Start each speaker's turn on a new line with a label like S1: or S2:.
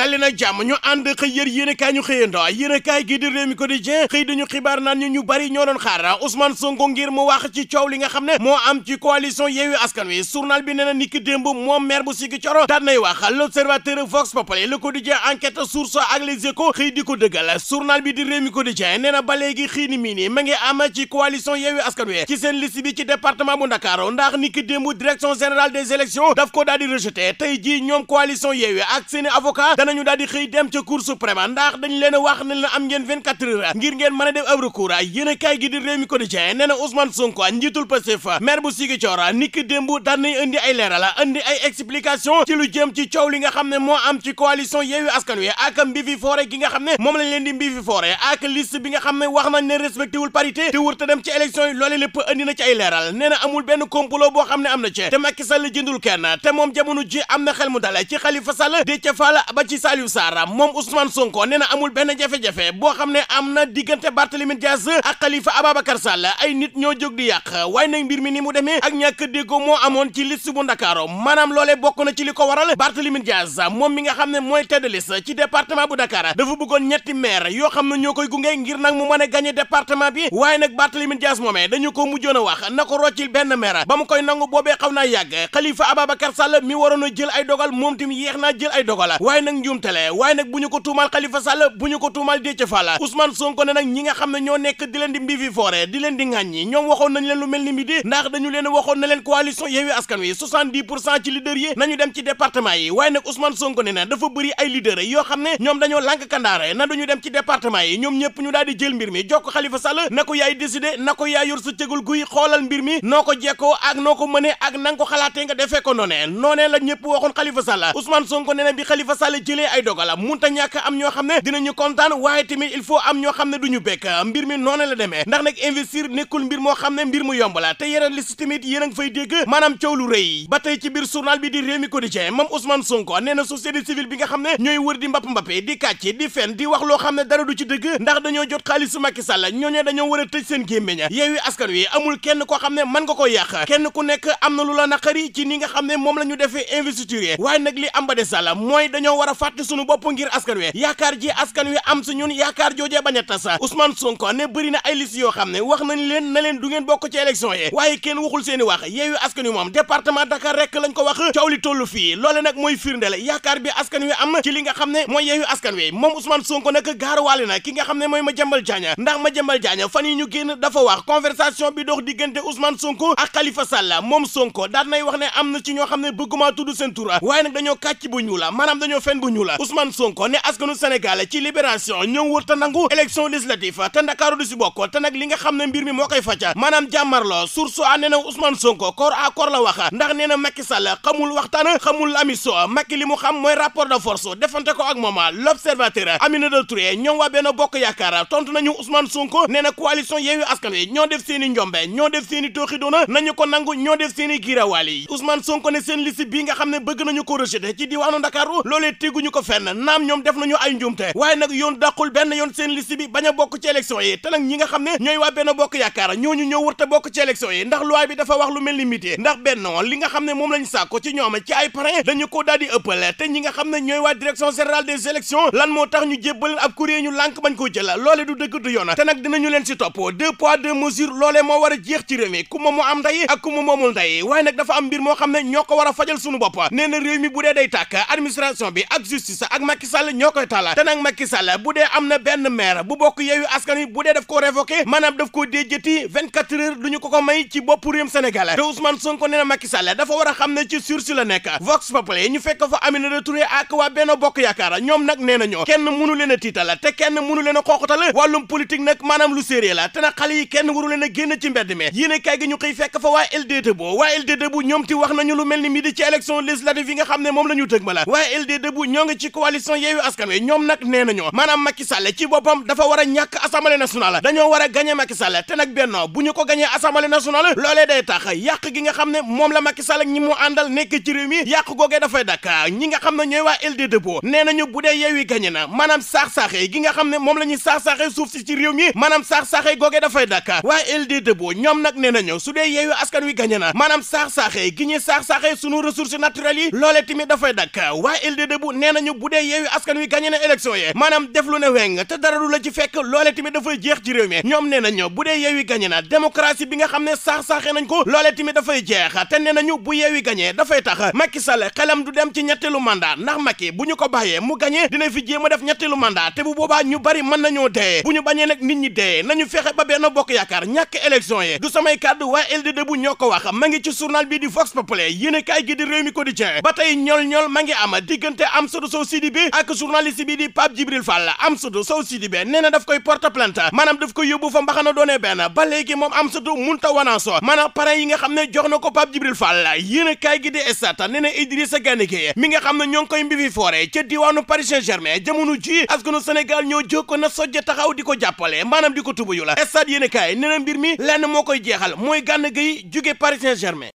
S1: dali nag jàmm ñu ànd xëy yër yéen ñu xëyando yéen kaay gi di Rewmi ñoo doon xaar Ousmane Sonko ngir mu wax ci xam ne moo am ci coalition Yewwi Askan bi nee na niki démb moom maire bu Ziguinchor daan nay wax L'Observateur Vox Populi Le Quotidien Enquête ak Les Échos xëy di ko dëggal journal bi di Rewmi Quotidien nee na ba léegi xii ni mii ni ma ngi am ci coalition Yewwi Askan Wi ci seen liste bi ci département bu Ndakaaru ndax niki démb direction générale des élections daf ko daal di tey jii ñoom coalition Yewwi ak seeni avocat nañu daal xëy dem ca cour suprême ndax dañ leen a wax ne leen am ngeen 24 heures ngir ngeen mën a def ab recours yéen a kaay gi di réew mi quotidien nee na Ousmane Sonko njiitul Pastef maire bu Ziguinchor niki démb daan nañ indi ay leeral indi ay explication ci lu jëm ci coow li nga xam ne moo am ci coalition Yewwi Askan Wi ak mbifi foore gi nga xam ne moom lañ leen di mbifi foore ak liste bi nga xam ne wax na ne am na Saliou Sarr moom Ousmane Sonko nee na amul benn jafe-jafe boo xam ne am na diggante Barthélémy Dias ak Khalifa Ababacar Sall ay nit ñoo jóg yàq waaye nag mbir mi ni mu demee ak ñàkk déggoo moo amoon ci liste bu Ndakaaru maanaam loolee bokk na ci li ko waral Barthélémy Dias moom mi nga xam ne mooy tête de liste ci bu Dakar dafa bëggoon ñetti maire yoo xam ne ñoo koy gunge ngir nag mu mën a gagné département bi waaye nag Barthélémy Dias moomee dañu ko mujjoon a wax na ko roccil benn maire ba mu koy nangu boobee xaw naa yàgg Khalifa Ababacar Sall mi waroon a jël ay dogal moom tamit yéex naa jël ay dogal waaye nag njuumte la waaye nag bu ñu ko tuumaal dafa bëri ay leader yoo xam ne ñoom dañoo lànk kandaare na duñu dem ci département yi ñoom ñëpp ñu daal jël mbir mi jokk Khalifa Sall na ko yaay décidé na ko yaa yor sa cëgul guy xoolal mbir mi noo ko jekkoo ak noo ko mënee ak na ko xalaatee nga defee ko noonee noonee la ñëpp waxoon Khalifa Sall Ousmane Sonko ne na bi Khalifa Sall jël jëlee ay dogalam munta ñàkk am ñoo xam ne dinañu kontaan waaye tamit il faut am ñoo xam ne du bekk mbir mi noonu la demee ndax nag investir nekkul mbir moo xam ne mbir mu yomb la te yeneen liste tamit yéen a fay dégg maanaam coow rëy ba tey ci biir journal bi di Rewmi Quotidien moom Ousmane Sonko nee na société civile bi nga xam ne ñooy wër di mbapp mbappe di kàcc di fen di wax loo xam ne dara du ci dëgg ndax dañoo jot xaalisu Macky a la sàll wàtt sunu bopp ngir askan wi yaakaar ji a ko wax coow li tollu fii loole nag mooy firndeel yaakaar bi askan wi am ci li nga xam ne mooy yeeyu askan wi moom Ousmane Sonko nag gaaruwaale na ki nga xam ne mooy Madiambal Diagne ndax Madiambal Diagne fan yi ñu génn dafa wax conversation bi dox diggante Ousmane Sonko ak Khalifa Sall moom Sonko daan nay wax ne am na ci ñoo xam ne bëgguma tudd seen tur waaye nag dañoo kàcc bu ñuul maanaam dañoo fen bu nanguwuñu la Ousmane Sonko ne askanu Sénégal ci libération ñoom wër te nangu élection te Ndakaaru du si bokk te nag li nga xam ne mbir mi moo koy faca maanaam jàmmarloo surso a nee na Ousmane Sonko corps à corps la wax ndax nee na Macky Sall xamul waxtaan xamul amiso Macky li mu xam mooy rapport de force defante ko ak mooma l'observateur Aminata Touré ñoom waa Benno Bokk Yaakaar tontu nañu Ousmane Sonko nee na coalition Yewwi Askan Wi ñoo def seen njombe ko teguñu ko fenn naam ñoom def nañu ay njuumte waaye nag yoon dàqul benn yoon seen liste bi bañ a bokk ci élection yi te nag ñi nga xam ne ñooy waa benn bokk yaakaar ñooñu ñoo wër te bokk ci élection yi ndax loi bi dafa wax lu mel ni mité ndax bennoo li nga xam ne moom lañ sàkko ci ñoom ci ay parrain dañu ko daal di ëppale te ñi nga xam ne ñooy waa direction générale des élections lan moo tax ñu jébbaleen ab kuréel ñu lànk bañ ko jëla loole du dëgg du yoona te dinañu leen si topp deux moo war a jeex am ndey ak ku ma moomul ndey nag dafa am mbir xam ne ñoo ko war a fajal suñu bopp nee na réew mi bu dee day tàkk administration bi ak justice ak Macky Sall ñoo koy bu dee am na benn maire bu bokk yeeyu askan wi bu dee daf koo révoqué maanaam daf koo déjjati vingt quatre heures du ñu ko ko may ci bopp réewum Sénégal te Ousmane Sonko nee na Macky Sall dafa war a xam ne ci sursis la nekk Vox Populi ñu fekk fa Aminata Touré ak waa Benno Bokk Yaakaar ñoom nag nee nañoo kenn mënu leen a te kenn mënu leen wàllum politique nag maanaam lu séeréer la te nag xale yi kenn waru génn ci ñoo ngi ci coalition Yewwi Askan Wi ñoom nag nee nañu maanaam Macky Sall ci boppam dafa war a ñàkk assemblée nationale a ñu xam ne moom la Macky Sall ak ñi mu àndal nekk ci réew mi yàq googee dafay xam ne ñooy waa LD Debout nee nañu bu dee Yewwi gañe na maanaam saax-saaxee gi nga xam ne moom la ñuy saax-saaxee suuf si ci réew mi maanaam saax-saaxee googee dafay dakk waa LD Debout ñoom nag nee nañu su dee Yewwi Askan Wi gañe na maanaam saax-saaxee gi ñuy saax-saaxee sunu ressources naturelles yi loolee tamit dafay dakk waa LD Debout nee nañu bu dee yeewi askan wi gagné na élection yi maanaam def lu ne weng te dara du la ci fekk loole tamit dafay jeex ci réew mi ñoom nee nañu bu dee yeewi gagné na démocratie bi nga xam ne saax-saaxee nañ ko loole tamit dafay jeex te nee nañu bu yeewi gagné dafay tax Macky Sall xelam du dem ci ñetteelu mandat ndax Macky bu ñu ko bàyyee mu gagné dina fi jéem a def ñetteelu mandat te bu boobaa ñu bari mën nañoo dee bu ñu bañee nag nit ñi dee nañu fexe ba benn bokk yaakaar ñàkk élection yi du samay kàddu waa LD bu ñoo ko wax ma ngi ci journal bi di Vox Populi yéen a kaay gi di réew mi quotidien ba tey ñol ñol ma ngi am diggante am Amsatou Sow Sidibé ak journaliste bi di Pape Djibril Fall Amsatou Sow Sidibé nee na daf koy porte plainte maanaam daf koy yóbbu fa mbaxana doonee benn ba léegi moom Amsatou munta wanaaso maanaam parrain yi nga xam ne jox na ko Pape Djibril Fall yéen a kaay gi di Stades nee na Idrissa mi nga xam ne ñoo ngi koy mbifi foore ca diwaanu Paris Saint-Germain jamono ji askanu Sénégal ñoo ko na sojja taxaw di ko jàppale maanaam di ko tubu yu la Stades yéen a kaay nee na mbir lenn moo koy jeexal mooy Gana Gueye jóge Paris Saint-Germain